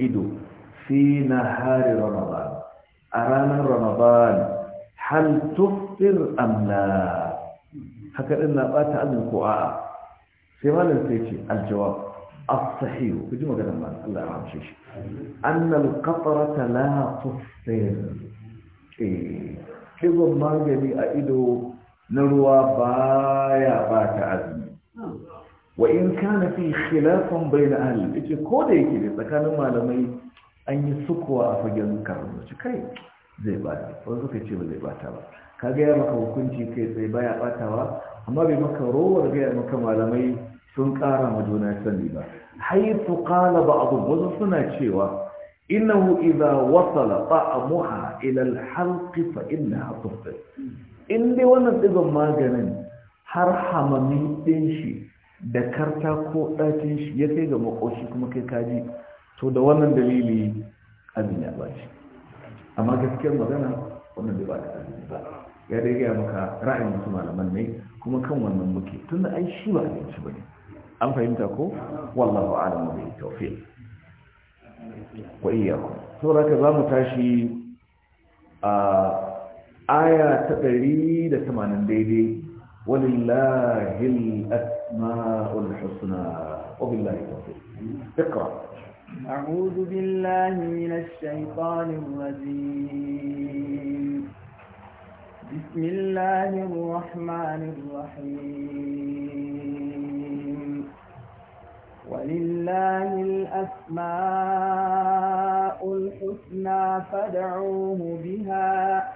ido fi hari ramadan a ranar ramadan hal amna haka din na bata azumin ko a'a sai malam sai ce aljawab الصحيح كجي مغنى ما الله يرحم شيش أن القطرة لا تفطر إيه كذب ما جلي أئدو نروى بايا باك عزمي wa in kana fi khilafun bayna ahli yace ko da yake da tsakanin malamai an yi sukuwa a fagen karatu ce kai zai bata ko suka ce ba zai bata ba ka ga ya maka hukunci kai sai baya batawa amma bai maka rowar ga maka malamai sun kara ma juna sani ba haythu qala ba'd wasu suna cewa innahu idha wasala a ila al-halq fa innaha tufṭir in dai wannan digon maganin har hamami din shi da karta ko ɗakin shi ya kai ga makoshi kuma kai kaji to da wannan dalili azumi ya bashi amma gaskiyar magana wannan da ba ta azumi ba ya dai gaya maka ra'ayin wasu malaman ne kuma kan wannan muke tunda ai shi ba abinci ba ne an fahimta ko wallahu a'lamu bi tawfiq wa iyyakum saboda ka mu tashi a aya ta 180 daidai ولله الأسماء الحسنى وبالله التوفيق اقرأ أعوذ بالله من الشيطان الرجيم بسم الله الرحمن الرحيم ولله الأسماء الحسنى فادعوه بها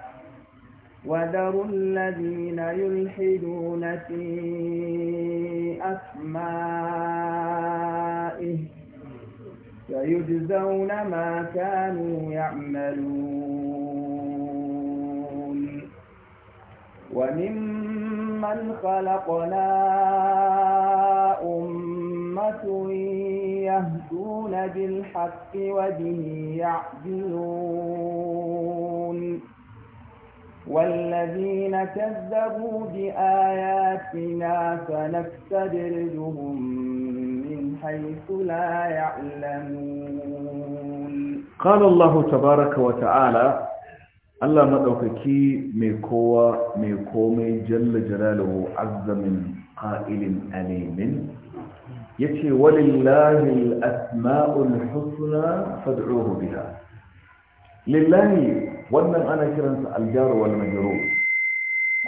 وذروا الذين يلحدون في أسمائه سيجزون ما كانوا يعملون وممن خلقنا أمة يهدون بالحق وبه يعدلون والذين كذبوا بآياتنا فنستدرجهم من حيث لا يعلمون قال الله تبارك وتعالى الله مدوككي ميكوى ميكومي جل جلاله عز من قائل أليم يتي ولله الأسماء الحسنى فادعوه بها lillahi wannan ana kiransa aljaru wal majrur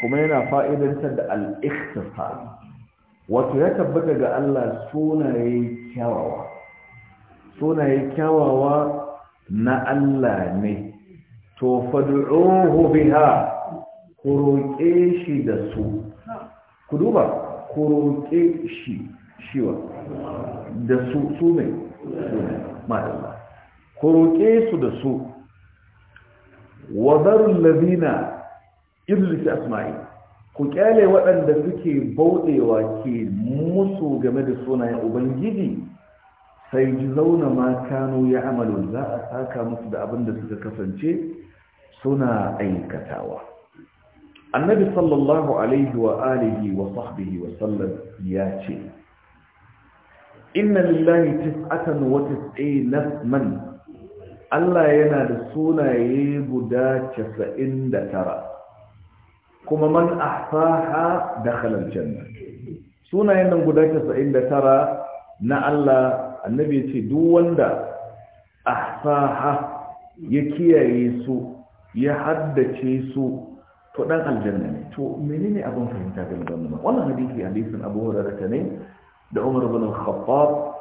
kuma yana fa'idantar da al-ikhtisar wato ya tabbata ga Allah sunaye kyawawa sunaye kyawawa na Allah ne to fad'uhu biha ku roƙe shi da su ku duba ku roƙe shi shiwa da su su ne madalla ku roƙe su da su wa zarul ladina Iblis asma'i ku kyale waɗanda suke bauɗewa ke musu game da sunayen ubangiji sai ji zauna ma Kano ya amalu za a saka musu da abin da suka kasance suna aikatawa annabi sallallahu alaihi wa alihi wa sahbihi wa sallam ya ce inna lillahi tis'atan wa tis'ina man Allah yana da sunaye guda casa'in tara, kuma man ahsaha da aljanna sunayen nan guda tara na Allah annabi ya ce duk wanda ahsaha ya kiyaye su ya haddace su to dan aljanna ne to menene abin fahimta ga wannan wannan hadisi hadisin Abu Hurairah ne da Umar ibn Khattab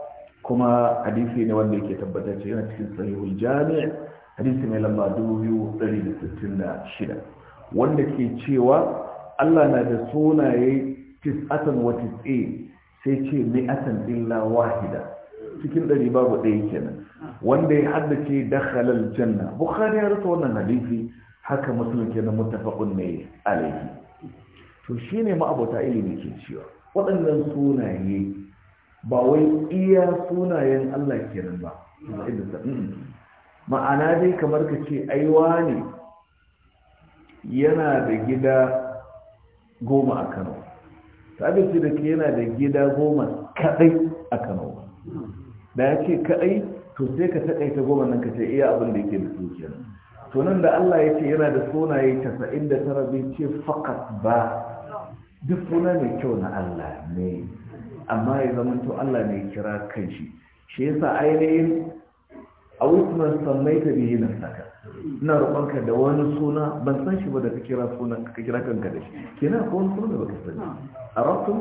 kuma hadisi ne wanda yake tabbatar ce yana cikin sahihul jami' hadisi ne lamba 2166 wanda ke cewa Allah na da sunaye tis'atan wa tis'i sai ce mi'atan illa wahida cikin ɗari babu ɗaya kenan wanda ya haddace dakhala janna, bukhari ya rasa wannan hadisi haka muslim kenan muttafaqun ne alayhi to shine ma abota ilimi ke cewa waɗannan sunaye ba wai iya sunayen Allah kenan ba ma'ana dai kamar ka ce aiwa ne yana da gida goma a Kano sabi ce da ke yana da gida goma kadai a Kano da ya ce kadai to sai ka taƙaita goma nan ka ce iya abin da yake da su nan. to nan da Allah ya ce yana da sunaye 99 bai ce fakas ba duk suna mai kyau na Allah ne amma ya zamanto Allah ne kira kan shi Shi yasa ainihin a wutsuwar sammai ta biyu na saka ina roƙonka da wani suna ban san shi ba da ka kira sunan ka kira kanka da shi kina ko wani suna da baka sani a rasul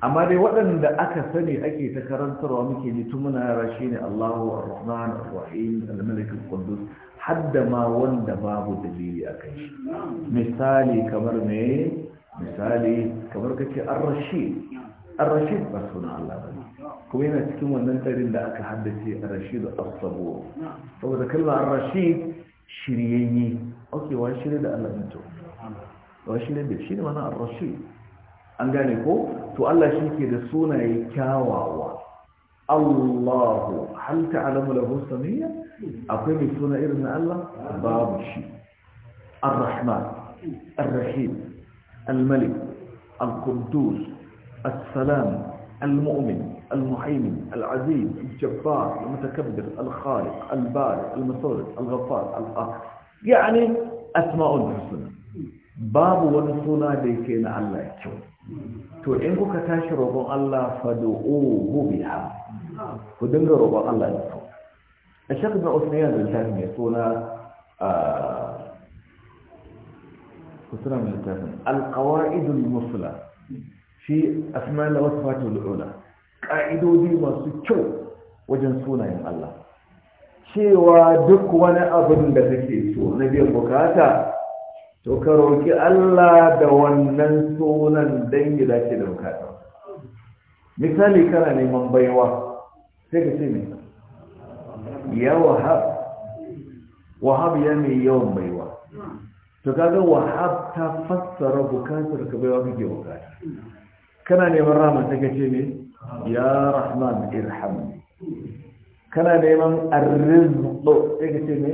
amma dai waɗanda aka sani ake ta karantarwa muke ji tun muna yara shi ne Allahu Ar-Rahman Ar-Rahim Al-Malik Al-Quddus hadda ma wanda babu dalili a akan shi misali kamar me misali kamar kace Ar-Rashid الرشيد بسونا الله بني كوينة تكون ننتظر إلا أكحدثي الرشيد الصبور فبذلك الله الرشيد شريني أوكي واشري ده الله بنتو واشري ده شيني مانا الرشيد أنجاني كو تو الله شيكي رسونا يكاواوا الله هل تعلم له سمية أقول رسونا إرنا الله باب الشي الرحمن الرحيم الملك القدوس السلام المؤمن المحيم العزيز الجبار المتكبر الخالق البارئ المصرف الغفار الاخر يعني اسماء الحسنى باب ونصونا ديكينا الله يتشوف تو ان كنت تشر الله فدعوه بها فدنگ ربو الله يتشوف الشيخ ابن عثمان بن تيمية يقول آه، القواعد المصلحة shi da wasu fatul ula ƙa'idodi masu kyau wajen sunayen Allah cewa duk wani abin da kake so na biyan bukata to ka roƙi Allah da wannan sunan don yi dace da bukata misali kana neman baiwa sai ka ce mai ya wahab wahab ya mai yawan baiwa to kaga wahab ta fassara bukatar ka baiwa kake bukata kana neman rahman take ce ne ya rahman irham kana neman arrizqu take ce ne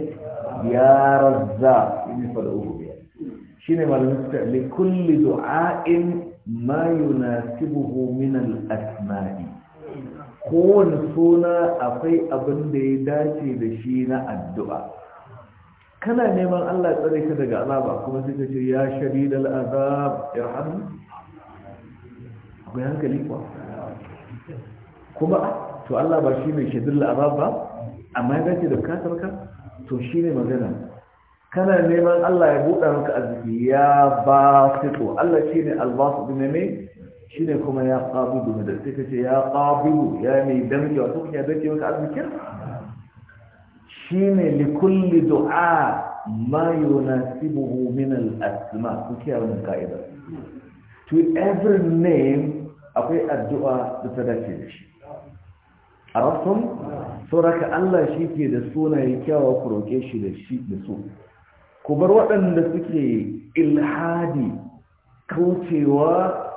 ya razza in fad'uhu bi shine malamin suka li kulli du'ain ma yunasibuhu min al-asma'i kowane suna akwai abin da ya dace da shi na addu'a kana neman Allah tsare ka daga azaba kuma sai ka ce ya shadidal azab irhamni akwai hankali kuwa kuma to Allah ba shi mai shaidun la'azab ba amma ya dace da bukatar ka to shi ne magana kana neman Allah ya buɗa maka arziki ya ba to Allah shi ne albasu ɗin mai shi ne kuma ya ƙabidu da sai ka ce ya ƙabidu ya mai damke wato ya dace maka arzikin shi ne likulli du'a ma yunasibuhu min al-asma kuke wannan ka'ida to every name akwai addu'a da ta dace da shi a rafin sauraka Allah shi ke da sunaye kyawa ku roƙe shi da shi da su ku bar waɗanda suke ilhadi kaucewa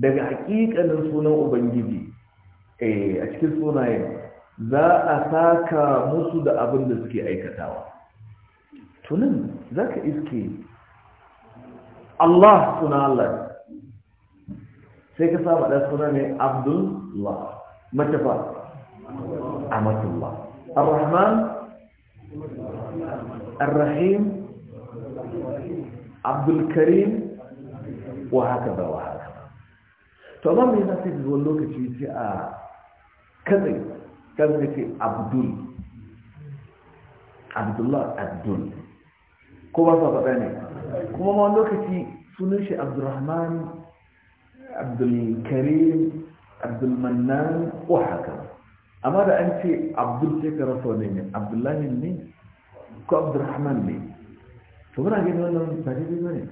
daga haƙiƙanin sunan ubangiji eh, a cikin sunayen za a saka musu da abin da suke aikatawa Tunin za ka iske Allah suna Allah sai ka saba da suna ne abdullah mace fa amatullah ar-rahman ar-rahim abdul karim wa haka ba wa haka to amma me yasa sai da zuwan lokaci sai a kazai kan ka abdul abdullah abdul kuma sa faɗa ne kuma ma wani lokaci sunan shi abdurrahman عبد الكريم عبد المنان وحكم اما انت عبد الجك رسولين عبد الله مني عبد الرحمن مني فمن اجل ان تجد مني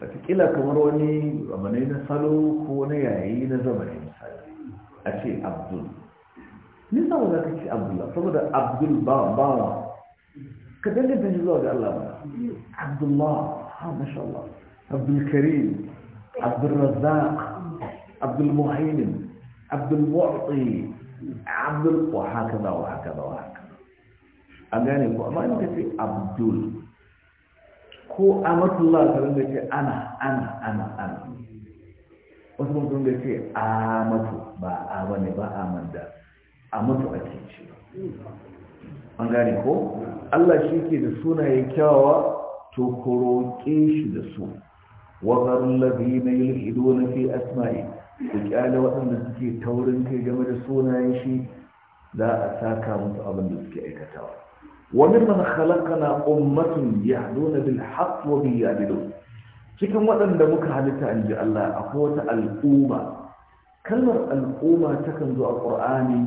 فتقيل كمروني ومن اين صلوا كون يعين اشي عبد من صلى لك اشي عبد الله فمن عبد البابا كذلك بن الله عبد الله آه، ما شاء الله عبد الكريم عبد الرزاق عبد المهيمن عبد المعطي عبد وهكذا وهكذا وهكذا أجانب ما يمكن عبد ko amatullah ta rinda ce ana ana ana ana wasu mutum da ce amatu ba a bane ba a manda amatu ake ce an gane ko Allah shi ke da sunaye kyawawa to ko roƙe shi da su وذر الذين يلحدون في أسمائه وقال وأن سكي تورن كي جمد سونا يشي لا أساكا متأبن سكي أكتاوى وممن خلقنا أمة يهدون بالحق وبيعدلون cikin waɗanda muka halitta in ji Allah akwai wata al'umma kalmar al'umma takan zo a ƙur'ani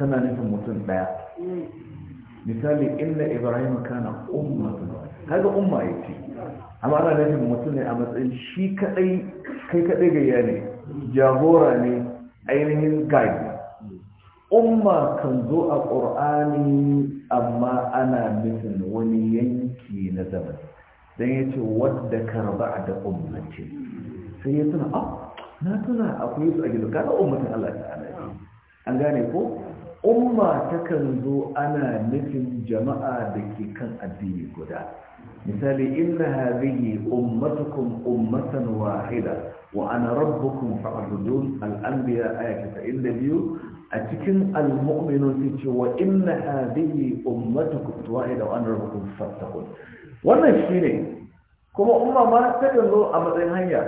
tana nufin mutum ɗaya misali inna ibrahim kana ummatu kaga umma yace amma ana nufin mutum ne a matsayin shi kadai kai kadai gayya ne jagora ne ainihin guide umma kan zo a ƙur'ani amma ana nufin wani yanki na zama don ya ce wadda karba da ummati sai ya tuna a ah, na tuna akwai su a gizo kada ummatin Allah ta'ala an gane ko umma takan zo ana nufin jama'a da ke kan addini guda misali inna hadhihi ummatukum ummatan wahida wa ana rabbukum fa'budun al-anbiya ayat 92 a cikin al-mu'minun sai ce wa inna hadhihi ummatukum wahida wa ana rabbukum fattaqun wannan shine kuma umma ma da zo a matsayin hanya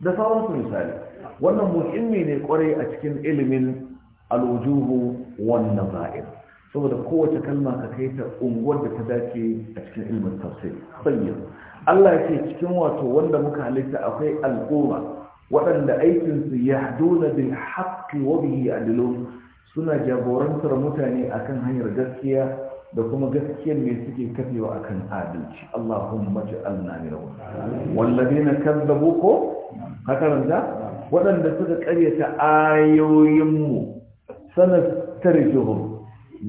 da sauransu misali wannan muhimmi ne kwarai a cikin ilimin alwujuhu wan nazair saboda kowace kalma ka kai ta unguwar da ta dace a cikin ilmin tafsir sayyid Allah ya ce cikin wato wanda muka halitta akwai al'umma waɗanda aikin su yahduna bil haqqi wa bihi adlun suna jagorantar mutane akan hanyar gaskiya da kuma gaskiyar mai suke kafewa akan adalci Allahumma ja'alna min wallazina kazzabu ko haka waɗanda suka ƙaryata ayoyinmu sanastarjuhum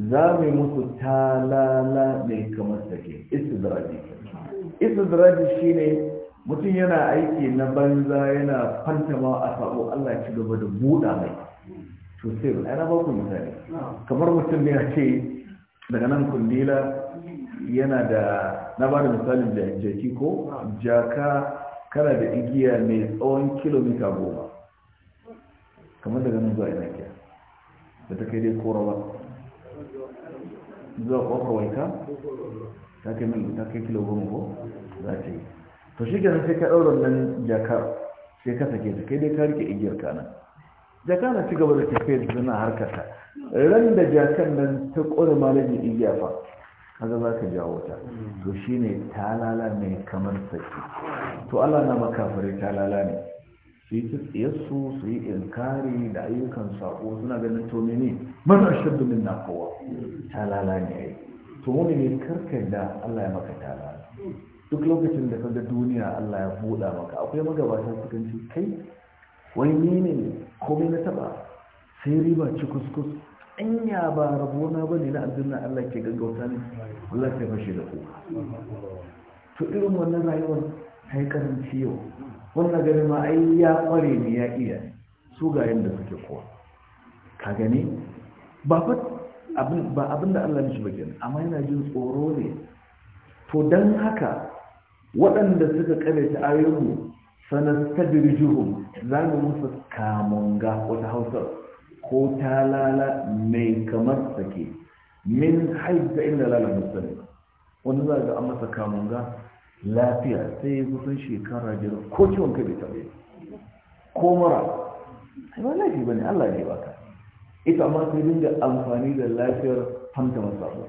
za mu musu talala ne kamar sake istidraji istidraji shine mutum yana aiki na banza yana fantama a sabo Allah ya ci gaba da buɗa mai to sai ba ana ba ku misali kamar mutum ne ya ce daga nan kundila yana da na ba da misalin da jaki ko jaka kana da igiya mai tsawon kilomita goma kamar daga nan zuwa ina ke da ta kai dai korawa zuwa kwakwai waika ta kai mil ta kai kilo goma ko za ta yi to shi kenan sai ka ɗaura nan jakar sai ka sake ta kai dai ka rike igiyar ka nan jakar na ci gaba da tafiyar suna harkata ran da jakar nan ta ƙware malami igiya fa kaga za ka jawo ta to shine talala mai kamar saki to Allah na makafare talala ne su ta tsaye su yi inkari da ayyukan sako suna ganin to ne mana shaddu min na kowa talala ne ai to wani ne karkar da Allah ya maka talala duk lokacin da kaga duniya Allah ya buɗa maka akwai magabata kan ce kai Wani ni ne komai na taba sai riba ci kuskus anya ba rabona ba ne na aljanna Allah ke gaggauta ne Allah ya fashe da kuka to irin wannan rayuwar haikarin ciwo wannan gari ma ai ya kware ne ya iya su ga yadda suke kowa ka gani ba abin da allah mishi bakin amma yana jin tsoro ne to don haka waɗanda suka karyata ayyuhu sanastabirjuhum za mu musu kamunga wata hausar ko talala mai kamar sake min haifu inda lalata musulmi wanda za ga an masa kamunga lafiya sai ya kusan shekara jira ko ciwon kai bai taɓe ko mara sai ba laifi ba ne allah ne ka. ita amma sai dinga amfani da lafiyar hamta masu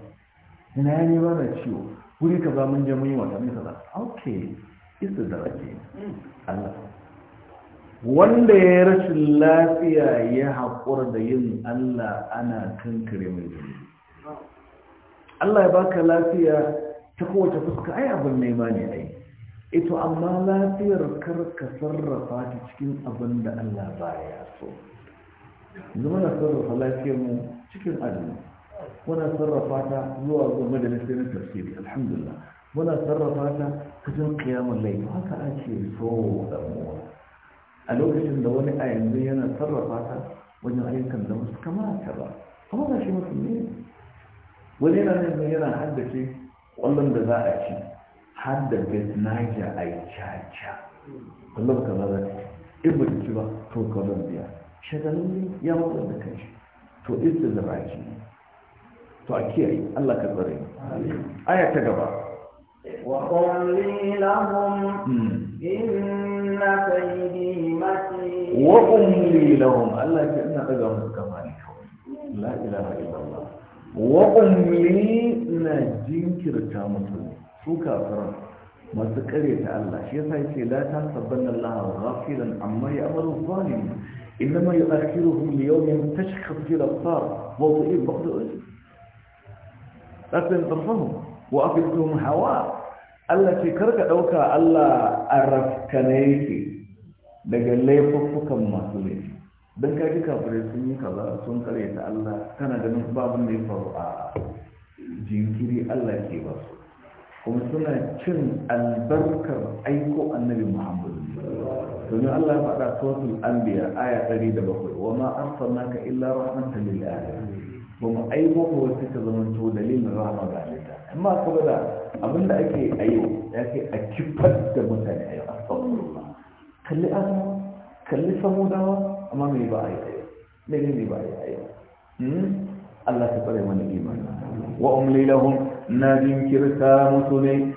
ina ya ne ba na ciwo wuri ka ba mun je mun yi wata mai kaza ok isa da rake allah wanda ya yi rashin lafiya ya haƙura da yin Allah ana kankare mai jini. Allah ya baka lafiya ta kowace fuska ai abin nema ne ai ito eh, amma lafiyar karka sarrafa ta cikin abin da Allah baya so zama na sarrafa lafiyar mu cikin azumi muna sarrafa ta zuwa ga majalisar tafsiri alhamdulillah muna sarrafa ta cikin kiyamun laifi haka ake so da mu a lokacin da wani a yanzu yana sarrafa ta wajen ayyukan da musu kamata ba kuma ga shi musulmi wani yana yana haddace ƙwallon da za a ci har da betnaja a yi caca ƙwallon ka za ta in ba ci ba to biya. shagalin ya matsar da kan shi to ita zaba ci to a kiyaye allah ka tsare aya ta gaba وقولي لهم إن كيدي متين وأملي لهم ألا كأن أجمع كمان لا wa umli na jinkirta musu su kafiran masu kare ta Allah shi yasa yace la ta sabbanna Allah ghafilan amma ya'malu zalim innama yu'akhiruhum li yawmin tashkhasu fihi al-absar wa tu'ib ba'du ujub lakin tafahum wa afidhum hawa Allah ce karka dauka Allah arafkane yake daga laifuffukan masu laifi don ka ji kafirai sun yi kaza sun kare ta Allah kana ganin babu da ya faru a jinkiri Allah ke ba su kuma suna cin albarkar aiko annabi Muhammad domin Allah ya faɗa suratul anbiya aya 107 wa ma arsalnaka illa rahmatan lil alamin ba mu aiko ko wata ta zamanto dalilin rahama ga alita amma kuma da abinda ake ayo ya kai a kifar da mutane ayo a kalli an kalli samudawa amma me ba a yi ne ba a yi hmm? Allah ta fara mana imani wa umli lahum na kirka musu ne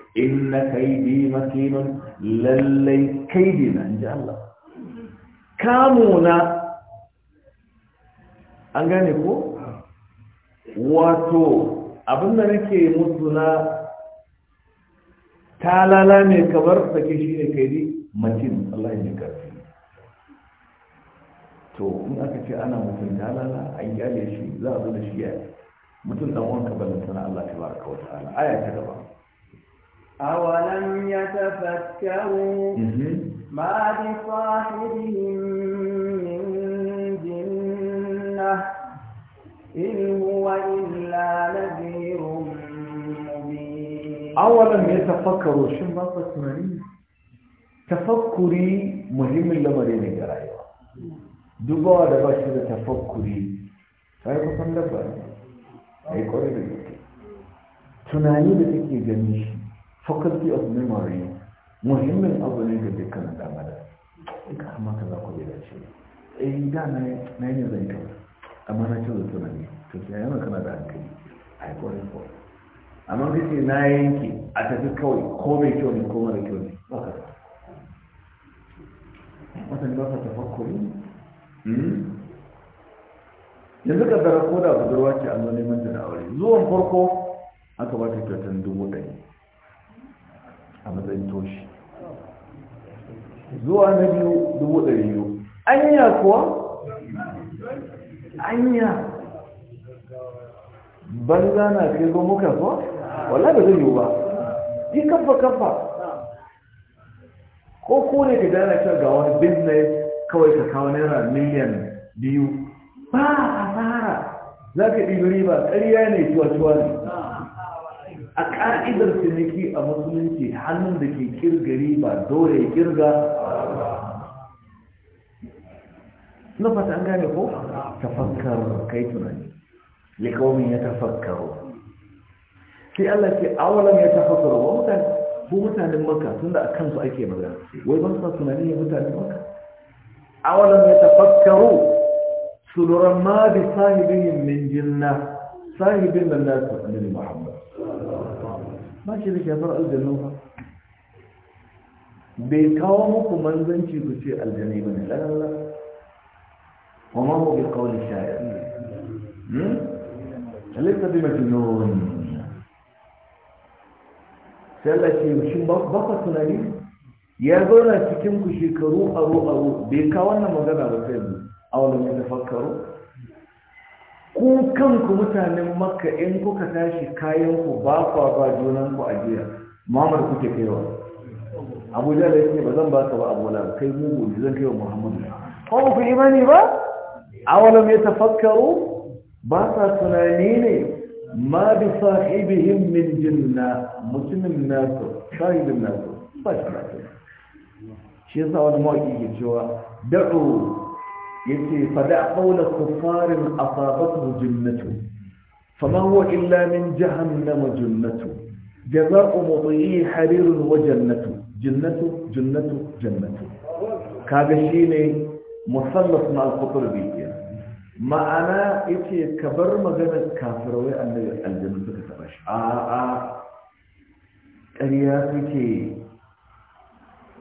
na kaidi makinun lallai kaidi na ji Allah kamuna an gane ko wato abin da nake musu na talala ne kamar sake shi ne kaidi makin Allah ya ji karfi to in aka ce ana mutunta ya lala shi za a zo da shi ya mutum dan wanka balantana Allah ta baraka wa ta'ala aya ta gaba أولم يتفكروا ما بصاحبهم من جنة إن هو إلا نذير مبين أولم يتفكروا شو ما تفكري تفكري مهم لما رأيوا dubawa da ba shi da tafakkuri sai kusan dabba a yi kwarai da gaske tunani da take gani shi faculty of memory muhimmin abu ne ga dukkan dan adam in ka amma ka za ku yi dace eh da na na yi zai ta amma na ce da tunani to sai yana kana da hankali a yi kwarai ko amma kace na yanke a tafi kawai ko mai kyau ne ko mara kyau ne ba ka wannan ba ka tafakkuri Hmm? yanzu ka zara ko da budurwa ke an zo neman ta da aure zuwan farko aka ba ta kyautan dubu ɗari a matsayin toshi zuwa na biyu dubu ɗari biyu anya kuwa anya banza na kai zo muka zo wala da zai yiwu ba yi kafa kafa ko kone ka dana cewa ga wani business kawai ka kawo naira miliyan biyu ba a fara za ka ɗibi ba ƙarya ne cuwa-cuwa ne a ƙa'idar ciniki a musulunci hannun da ke kirgari ba dole ya kirga na fata an gane ko tafakkar kai tunani likawomin ya tafakkaro sai Allah ke awalan ya tafakkaro ba mutane ko mutanen maka tun da a kansu ake magana wai ban sa tunani ne mutanen maka أولم يتفكروا سنرى ما بصاحبهم من جنة صاحب الناس من محمد ما شرك يفرق الجنة بيكاومك ذنشي كشيء الجنة من لا لا وما هو بقول الشاعر ليس بمجنون sai Allah بقى shin ya zauna cikin ku shekaru aro aro bai ka wannan magana ba sai mu a wannan da fakkaro ku kanku mutanen makka in kuka tashi kayan ku ba kwa ba junan ku jiya mamar kuke kaiwa abuja da yake ba zan ba ka ba abu la kai mu zan kai wa muhammadu ko ba ku imani ba mai tafakkaro ba sa tunani ne ma bi sahibihim min jinna mutumin nasu sahibin nasu ba shi lafiya shi yasa wani mawaƙi ke cewa da'u yace fada qawla kuffarin asabatu jannatu fama huwa illa min jahannama jannatu jaza'u mudhi'i harirun wa jannatu jannatu jannatu jannatu kaga shine musallas na al-qutbi ma'ana yace ka bar maganar kafirai annabi aljanna suka taba shi a a ƙarya suke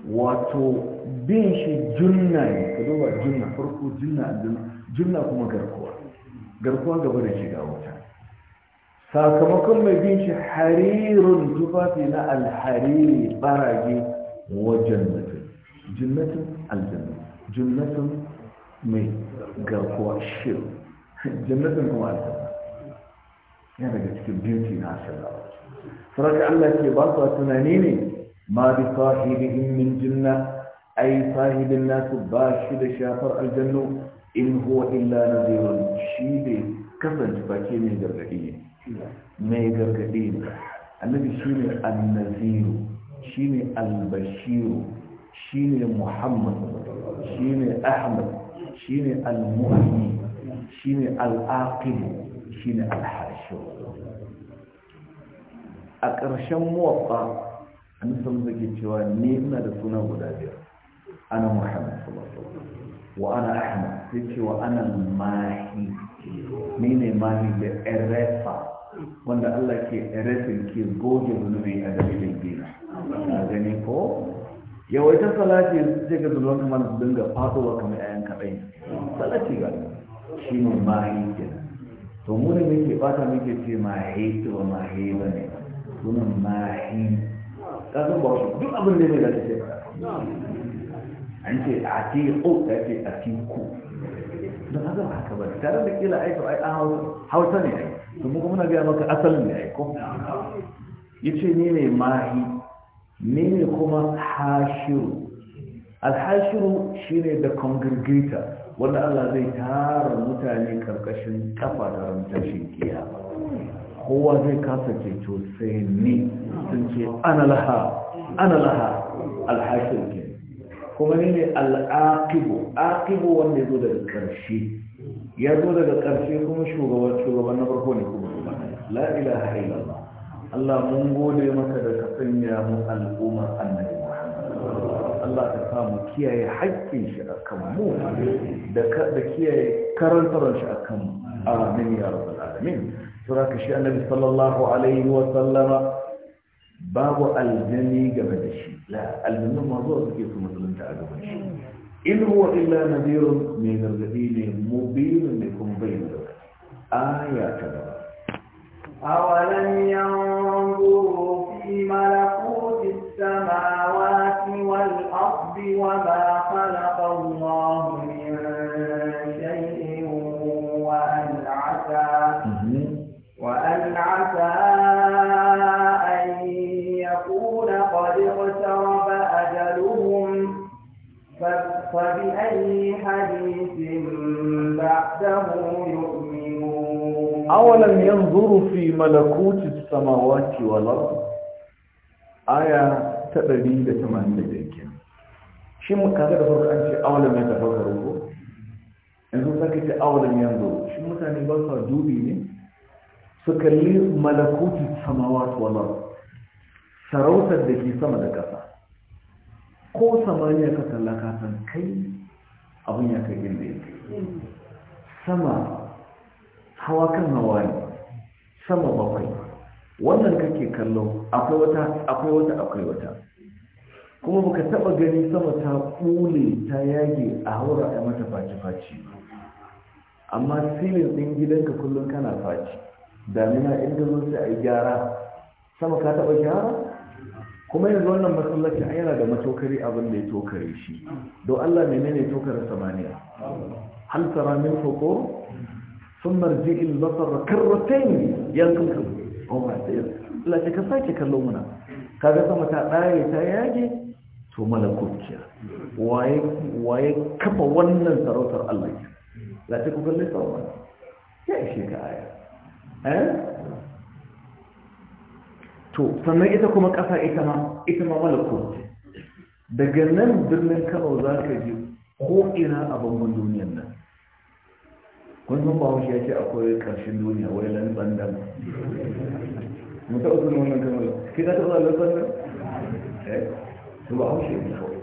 wato bin shi junna ne ka duba junna farko junna junna kuma garkuwa garkuwa gaba da shiga wuta sakamakon mai bin shi harirun tufafi na alhariri barage wa jannatin jannatin aljanna jannatin mai garkuwa shiru jannatin kuma aljanna yana daga cikin beauty na asala sarari Allah ke ba su tunani ne ما بصاحبهم من جنة أي صاحب الناس باشد شافر الجنة إن هو إلا نذير شيبي كفن باكي من جرقين من جرقين النبي شيني النذير شيني البشير شيني محمد شيني أحمد شيني المؤمن شيني العاقل شيني الحاشر أكرشم موطأ an san zake cewa ni ina da suna guda biyar ana muhammad wa ana ahmad sai ce wa ana mahi ni ne mahi da erefa wanda allah ke erefin ke goge zunubi a dalilin gina na gani ko yawaitar salati yanzu ce ga zunuban kamar su dinga fadowa kamar yayan kaɗai salati ga shi ne mahi kenan to mu ne muke bata muke ce mahi to mahi ba ne sunan mahi kasan ba shi duk abin da mai zaka ce an ce a ti ko ta ce a ti ku don haka ba haka ba tare da kila aiko ai an hausa ne ai to mu kuma na biya maka asalin ne aiko yace ni ne mahi ni ne kuma hashiru alhashiru ne da congregator wanda Allah zai tara mutane karkashin kafa da rantashin kiyama kowa zai kasa ceto sai ni sun ce ana laha ana ke kuma ne ne al'aqibu aqibu wanda ya zo daga ƙarshe ya zo daga ƙarshe kuma shugaban shugaban na farko ne kuma la ilaha illallah Allah mun gode maka da ka sanya mu al'ummar annabi Allah ka sa mu kiyaye haƙƙin shi a kan mu da kiyaye karantar shi a kan amin ya suraka shi annabi sallallahu alaihi wa sallama babu aljani game da shi la aljannin mazo suke su musulunta a gaban shi in huwa illa nadirun mai gargadi ne mubinun ne kuma bayyana aya ta gaba yanzuru fi malakuti samawati wal ard aya ta 185 Shin mun kaga da farko an ce awalan ya tafakkaru ko yanzu saka ce awalan yanzu Shin mutane ba sa dubi ne su kalli malakuti samawati wal ard sarautar da ke sama da ƙasa ko samaniya ka tallaka san kai abin ya kai inda ya kai sama hawa kan hawa ne sama bakwai wannan kake kallo akwai wata akwai wata akwai wata kuma baka taba gani sama ta kule ta yage a haura a mata faci-faci amma silin din gidanka kullum kana faci damina inda zo sai a gyara sama ka taba gyara kuma yanzu wannan masallacin ai yana da matokari abin da ya tokare shi don Allah menene tokarin samaniya hal tara min fuqur sun marji ilbasar karratain yankin kan oh my dear lafi ka sake kallo muna kaga sama ta ɗaya ta yage to malakukiya waye kafa wannan sarautar allah lafi ku kalle sarautar ya ishe ka aya to sannan ita kuma ƙasa ita ma ita ma malakukiya daga nan birnin kano za ka ji ko ina a bangon nan kun san bahaushe ya ce akwai karshen duniya wai lantsan dan mu ta usul wannan kamar ki ta taɓa lantsan dan eh to bahaushe ne kawai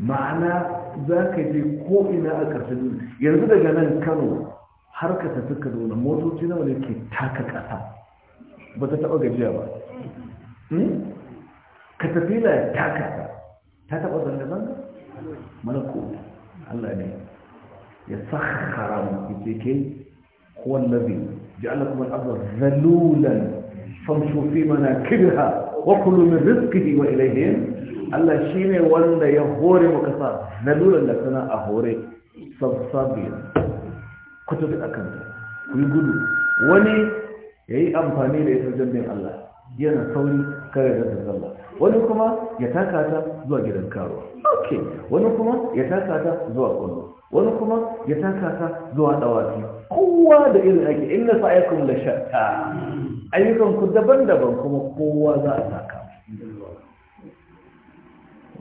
ma'ana za ka je ko ina a karshen duniya yanzu daga nan kano har ka tafi kaduna motoci nawa ne ke taka ƙasa ba ta taɓa gajiya ba hmm? ka tafi na taka ta taɓa zanga-zanga mana ko Allah ne يسخر مكتكي هو الذي جعلكم الأرض ذلولا فامشوا في مناكبها وكلوا من رزقه وإليه الله شيني ولا يهوري وكثار ذلولا لكنا أهوري صبصابيا كتب أكنت ويقول وني يأي أمفاني لإيه الجنة الله ينا سوري كريدة الله wani kuma ya taka ta zuwa gidan karo. ok wani kuma ya taka ta zuwa kwallo wani kuma ya taka ta zuwa dawaki kowa da irin ake inna sa'ayakum la shatta ayyukan ku daban-daban kuma kowa za a taka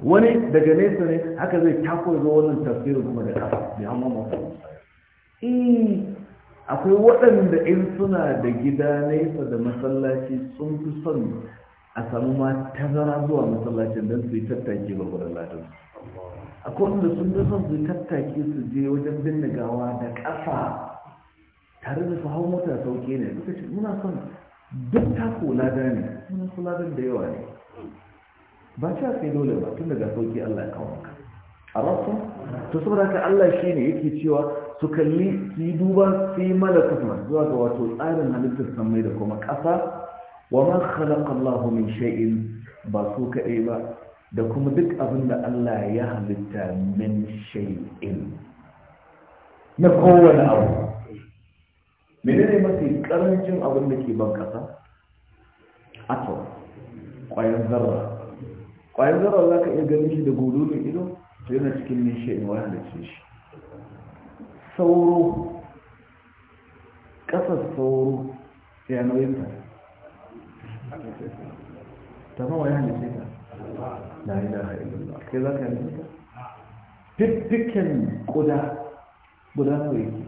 wani daga nesa ne haka zai tako zo wannan tafsirin kuma da kafa bi amma eh, akwai waɗanda in suna da gida nesa da masallaci sun fi son a samu ma tazara zuwa masallacin don su yi tattaki ba gudun latin a kowanne sun da son su yi tattaki su je wajen bindigawa da ƙasa tare da su hau mota sauke ne duka ce muna son duk tako lada ne muna su ladan da yawa ne ba ci sai dole ba tun daga sauke allah ya kawo ka a rasu to saboda ka allah shi ne yake cewa su kalli su yi duba su yi mala zuwa ga wato tsarin halittar samai da kuma ƙasa wa ma khalaqa Allah min shay'in ba su kaɗai ba da kuma duk abin da Allah ya halitta min shay'in na kowane abu menene mafi karancin abin da ke ban kasa ato ƙwayar zarra ƙwayar zarra za ka iya ganin shi da gudu gudunin ido to yana cikin min shay'in wa halitta shi sauro ƙasar sauro ya nauyinta ta ba wa ya halice ta la ilaha illallah kai za ka halice ta dukkan kuda guda nawa yake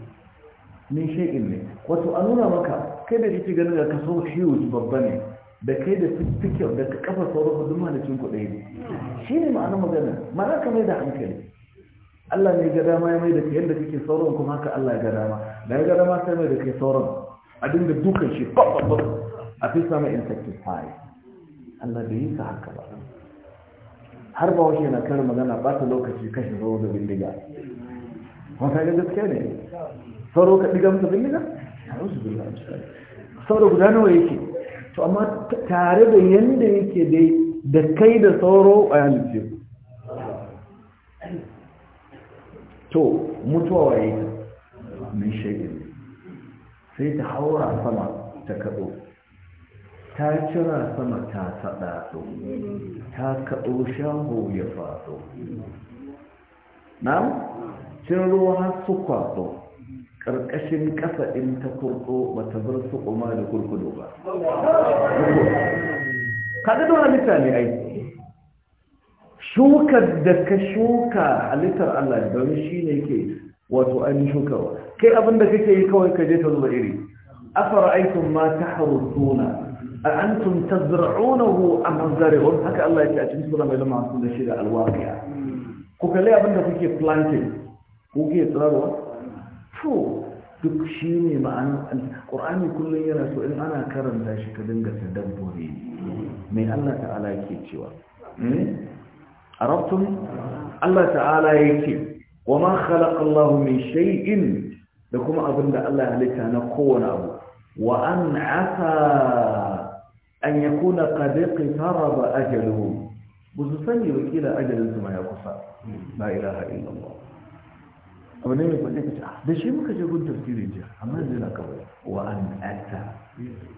min ne wato a nuna maka kai da kike ganin ga kaso huge babba ne da kai da fifikir da ka kafa sauran huduma da cin kuɗi ne shi ne ma'anar magana ma'ana ka mai da hankali Allah ne ga dama ya mai da kai yadda kake sauran kuma haka Allah ya ga dama da ya ga dama sai mai da kai sauran a dinga dukan shi babban أفسم إن تكتفاي النبي كهكا حرب وشينا كانوا مغانا بات لوكا شكاش روضة بالبقاء وانتا يجب كيني صاروا كتبقام تبالبقاء أعوذ بالله صاروا كدانوا إيكي فأما تعرف يند إيكي دي دكيد صاروا أيان الجيب تو متوى وعيد من شيء ta cira sama ta so ta kaɗo shago ya faɗo na cin ruwa su kwaso ƙarƙashin ƙasa in ta kurko ba ta bar su kuma da kurkudu ba kaɗi da wani ne ai shukar da ka shuka halittar Allah don shi ne ke wato ainihin shukawa kai abinda kake yi kawai ka je ta zuba iri afara aikin ma ta suna. أأنتم تزرعونه أم الزارعون هكا الله يتي أتم سورة ميلا ما أصول الشيء الواقع كوكا ليه أبنى كوكي بلانتين كوكي تراروا فو duk shi ne Al-Qur'ani kullum yana so in ana karanta shi ka dinga ta dabbobi mai Allah ta'ala yake cewa a Allah ta'ala yake wa ma khalaqallahu min shay'in da kuma abinda Allah ya halitta na kowane abu wa an asa an kuna yakuna qad iqtaraba Ba su sani wakila ajalin su ma ya kusa Na ilaha illallah abu ne mai kwalle kaca? da shi muka je gun tafsirin jiya amma zai na kawai wa an ata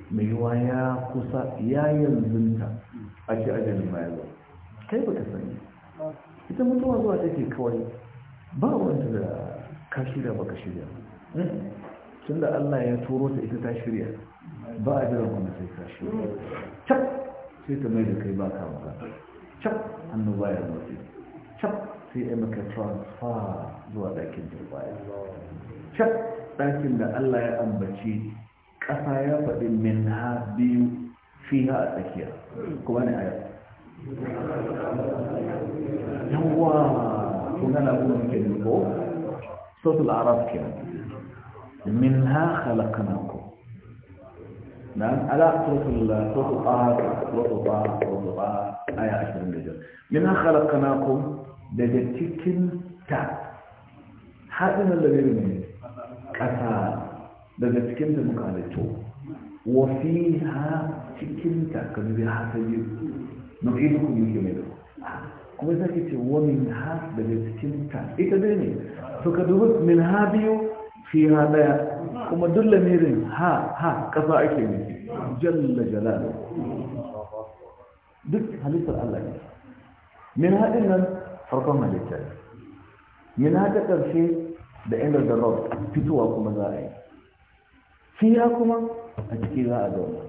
mai yiwa ya kusa ya yanzunta a ce ajalin ma ya zo kai ba ka sani ita mutuwa zuwa take kawai ba wanda da ka shirya ba ka shirya hmm? tun da allah ya turo ta ita ta shirya ba a jiran wani sai ka shi cap sai ta mai da kai ba ka wuta cap hannu baya motsi cap sai ya maka transfer zuwa ɗakin turbaya cap ɗakin da Allah ya ambaci ƙasa ya faɗi min ha biyu fi ha a tsakiya kuma ne a yawa kuma na kuma muke ko sautul arab kenan min ha khalaqnakum نعم على سورة القاف سورة القاف سورة القاف آية 20 بجر منها خلقناكم دجتكن تا حقنا الذي من كسا دجتكن تمكالتو وفيها تكن تا كذبي حسبي نعيدكم يجمدكم kuma zaki ce wa min ha daga cikin ta ita dai ne to ka dubi min ha biyu fi ha daya kuma duk lamirin ha ha ƙasa ake ne jalla jalala duk halittar Allah ne min haɗin nan farkon halitta min haɗa ƙarshe da inda da rob fitowa kuma za a yi fiya kuma a ciki za a zauna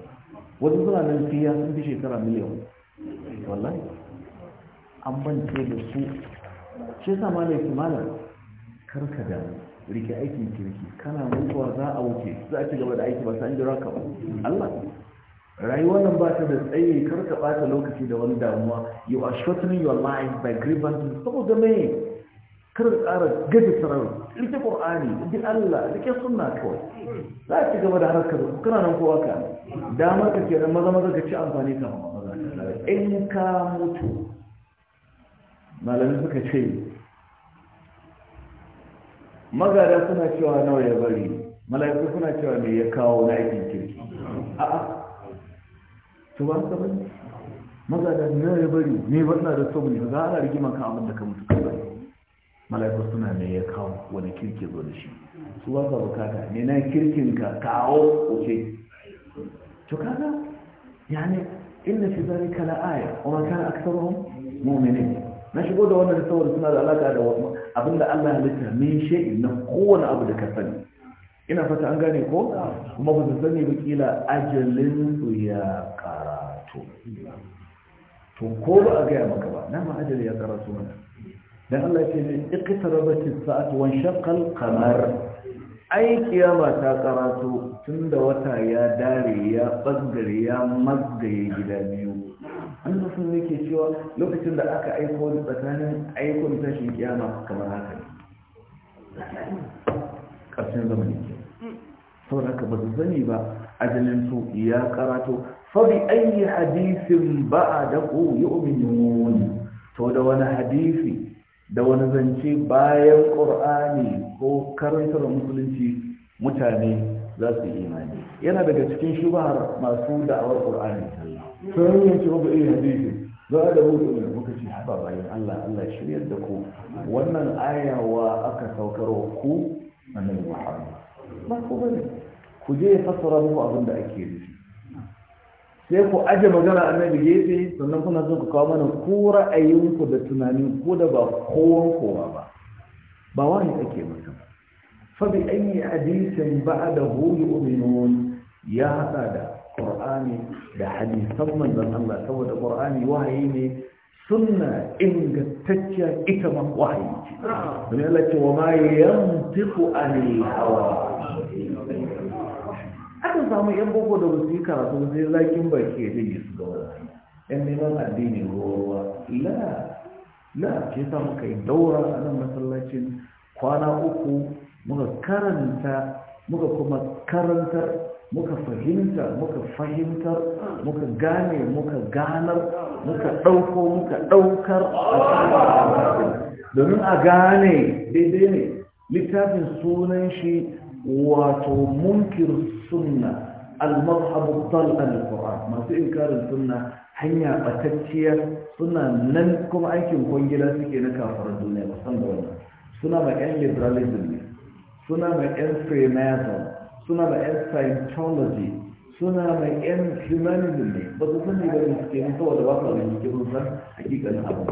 wasu suna nan fiya sun fi shekara miliyan wallahi an bance da su shi sa malai su malar karka damu rike aikin kirki kana mutuwa za a wuce za a ci gaba da aiki ba san jira ka ba Allah rayuwar nan ba ta da tsaye kar ka bata lokaci da wani damuwa you are shortening your life by grievances saboda me kar ka tsara gaji sarari rike qur'ani bi Allah rike sunna kawai za a ci gaba da harkar kana nan kowa ka damar ka kenan maza maza ka ci amfani ka in ka mutu malamai suka ce magada suna cewa nawa ya bari mala'iku suna cewa me ya kawo na aikin kirki a'a to ba ka bari magada ne ya bari ne ba suna da so ne za a rigima kan abin da ka mutu ka bari mala'iku suna mai ya kawo wani kirki zo da shi su ba ka bukata ne na kirkin ka kawo oke to kaga yani inna fi zalika la'aya wa ma kana aktharuhum mu'minin na shigo da wannan saboda suna da alaka da abinda Allah ya halitta min na kowane abu da ka sani ina fata an gane ko kuma ba su sani bikila ajalin su ya karatu to ko ba a gaya maka ba na ma ajali ya karatu mana dan Allah ya ce ne iqtarabatis sa'atu wan shaqqal qamar ai kiyama ta karatu tunda wata ya dare ya bangare ya mazgaye gida biyu da sun yake cewa lokacin da aka aiko da tsakanin aikon tashin kiyama kamar haka ne ƙarshen zama ne saboda ba su sani ba jinin su ya karato fabi ayi hadisin a da ku yu'minun to da wani hadisi da wani zance bayan ƙor'ani ko karantar musulunci mutane za su yi imani yana daga cikin shubar masu da'awar qur'ani to yan ce ba iya eh, hadisi za a da hudu da muka ce haɓa bayan Allah Allah shiryar da ku wannan ayawa aka saukar wa ku annabi Muhammad ba ku bane ku je ya fassara muku abin da ake nufi sai ku aje magana annabi gefe sannan kuna so ku kawo mana ku ra'ayinku da tunanin ku da ba kowan kowa ba ba wani ake masa fa bi ayyi hadisin ba'dahu yu'minun ya hada da qur'ani da hadisan dan Allah saboda qur'ani wahayi ne sunna ingantacciya ita ma wahayi ce Allah ce wa ma yantiqu hawa aka samu yan boko da wasu yi karatu sai lakin baki ya da su ga wani yan neman addini ruwa la la ke sa muka yi daura a nan masallacin kwana uku muka karanta muka kuma karantar muka fahimta muka fahimtar muka gane muka ganar muka ɗauko muka ɗaukar domin a gane daidai ne littafin sunan shi wato munkir sunna al-mazhabu tal al-qur'an masu inkarin sunna hanya batacciya suna nan kuma aikin kwangila suke na kafarar duniya da wannan suna mai yan liberalism ne suna mai yan freemason suna da yan scientology suna da yan humanism ne ba su sani ba ne suke ne saboda ba su da sun san hakikalin abu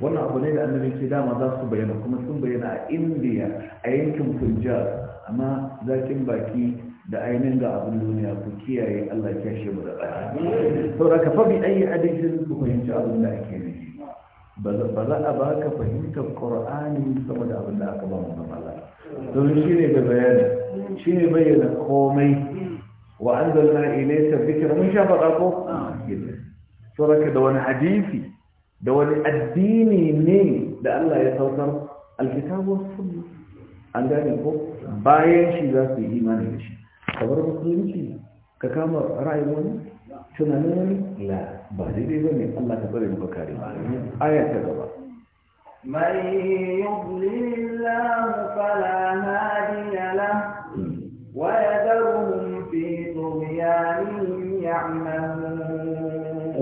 wannan abu ne da annabi ce dama za su bayyana kuma sun bayyana a Indiya, a yankin punjab amma zakin baki da ainihin ga abin duniya ku kiyaye allah ya shi mu da baya saboda ka fabi ayi adadin ku fahimci abin da ake ne ba za a baka fahimtar qur'ani saboda abin da aka ba mu a domin shi ne da bayani shi ne bayyana komai wa an zalna ilaita zikira mun sha faɗa ko sauraka da wani hadisi da wani addini ne da Allah ya saukar alkitabu sunna an gane ko bayan shi za su yi imani da shi kamar musulunci ka kama ra'ayin wani tunanin wani la ba daidai ba ne Allah ka tsare maka kare aya ta gaba من يضلل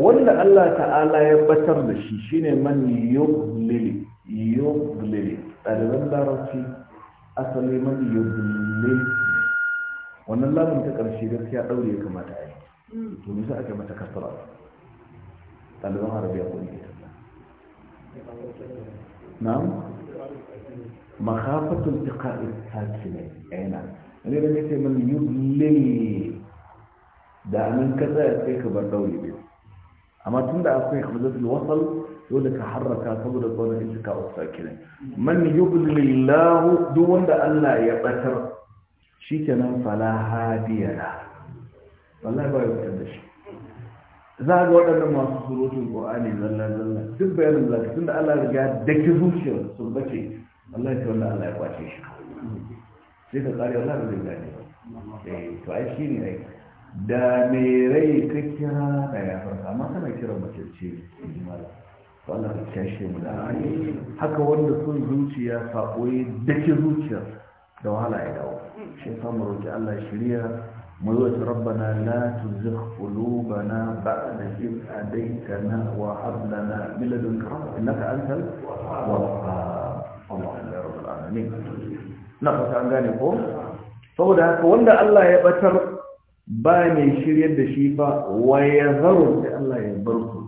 wanda Allah ta'ala ya batar da shi shine ne man yublili yublili ɗalibin larabci asali man yublili wannan labin ta ƙarshe gaskiya ɗaure ya kamata a yi to nisa aka mata kasara ɗalibin harabiya ko ne ke na'am makhafatul tiqa'il hakimi aina ne da nake man yudlil da nan ka tsaya sai ka bar dauri biyu amma tunda akwai hamzatul wasl dole ka harraka saboda tsoron iska usakirin man yudlillahu duk wanda Allah ya batar shikenan fala hadiyala wallahi ba ya da shi za ga waɗannan masu surutun ƙwa'ani zalla zalla sun bayanin zaka tun da Allah riga da ke zuciyar sun bace Allah ya wanda Allah ya kwace shi sai ka tsari Allah zai gane ba. Eh, to ai shi ne ai da me rai ka kira da ya farka amma kana kira mace ce mala to Allah kya shi mu da haka wanda sun zuciya sako da ke zuciyar da wahala ya dawo shi samun roƙi Allah shirya مولوة ربنا لا تزغ قلوبنا بعد إذ هديتنا na لنا من Na ka إنك أنت الوهاب الله يا رب العالمين نقص عن ذلك saboda haka wanda Allah ya batar ba mai shiryar da shi ba wa ya zaro da Allah ya bar ku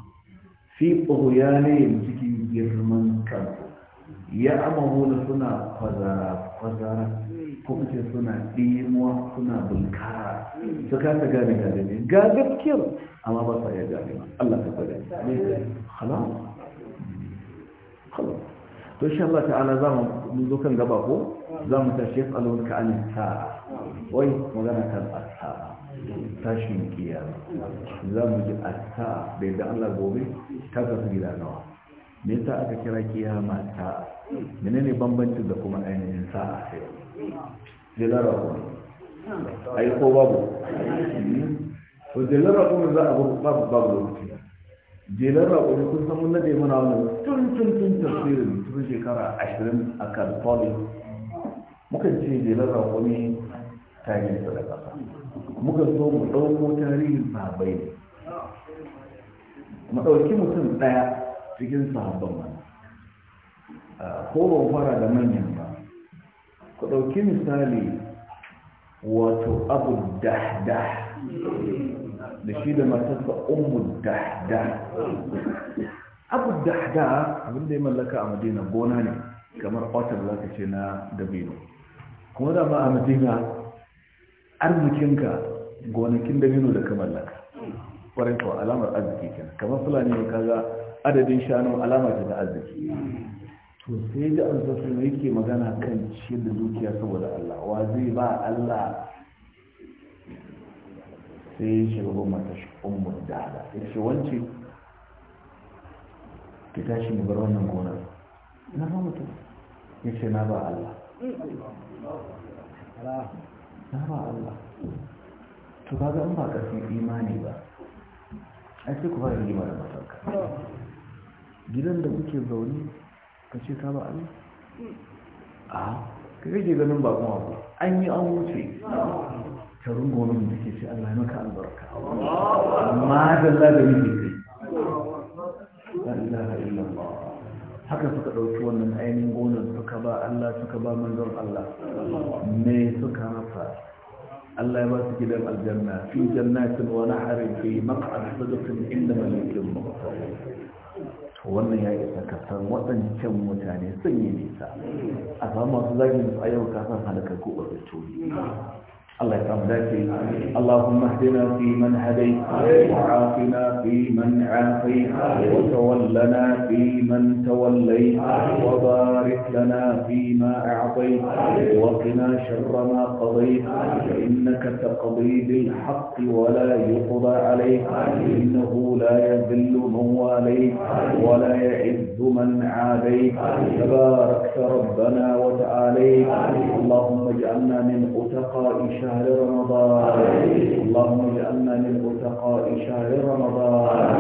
fi ɓoyanin cikin girman kanku ya amahuna suna kwazara kwazara ko kace suna ɗimuwa suna bunkara su kasa gane gane ga gaskiyar amma ba sa iya gane Allah ka gwada halas halas to insha Allah ta'ala za mu zo kan gaba ko za mu tashi yasalun ka an sa'a wai magana kan as-sa'a tashin kiyama za mu ji as-sa'a bai da Allah gobe ta kasu gida nawa me yasa aka kira kiyama ta menene bambanci da kuma ainihin sa'a sai jilarabu a yi ko babu to jilarabu za a babu babu lokaci jilarabu ne kun samun nade mana wani tun tun tun tasirin tun shekara ashirin a kalfoli Muka ce jilarabu ne ta yi sadaka muka so mu ɗauko tarihin sahabbai ne mu ɗauki mutum ɗaya cikin sahabban mana ah, ko ban fara da manyan ba Ka ɗauki misali wato abu dahdah da shi da matarsa umu dahdah abu dahdah abinda ya mallaka a madina gona ne kamar otar za ka ce na dabino kuma da ba a madina arzikinka gonakin dabino da ka mallaka ƙwarin kawai alamar arziki kenan kamar fulani ne kaga adadin shanu alama da arziki to sai da an zafi ne yake magana kan ciyar da dukiya saboda Allah wa zai ba Allah sai ya shiga ba mata shi umar da ala ya ce wance ki tashi mu bar wannan gonar na ba mutum ya ce na ba Allah na ba Allah to kaga in ba karfin imani ba ai sai ku fara rigima da matanka. gidan da kuke zaune ka ce ka ba Allah a ah. ka kake ganin ba kuma ba an yi an wuce ka rungo wani mutum ke ce Allah ya maka albarka amma da Allah da yake kai la ilaha illallah haka suka ɗauki wannan ainihin gonar suka ba Allah suka ba manzon Allah me suka Allah ya masa الله يبارك في الجنة في جنات ونحر في مقعد صدق عند مليك المغفور wannan ya isa ka san waɗancan mutane sun yi nisa a samun masu zagin su a yau kasan halakar ko ɓarɓar الله يرحم ذاتي اللهم اهدنا في من هديت وعافنا في من عافيت وتولنا في من توليت وبارك لنا فيما أعطيت وقنا شر ما قضيت فإنك تقضي بالحق ولا يقضى عليك إنه لا يذل من واليت ولا يعز من عاديت تباركت ربنا وتعاليت اللهم اجعلنا من أتقاء شهر رمضان اللهم اجعلنا من اتقاء شهر رمضان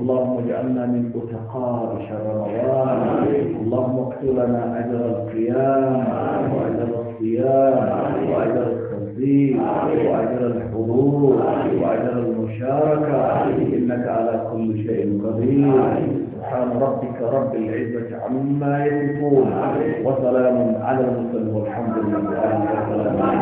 اللهم اجعلنا من اتقاء شهر رمضان اللهم اقتلنا اجر القيام واجر الصيام واجر التصديق واجر الحضور واجر المشاركه انك على كل شيء قدير سبحان ربك رب العزة عما يصفون وسلام على المسلم والحمد لله رب العالمين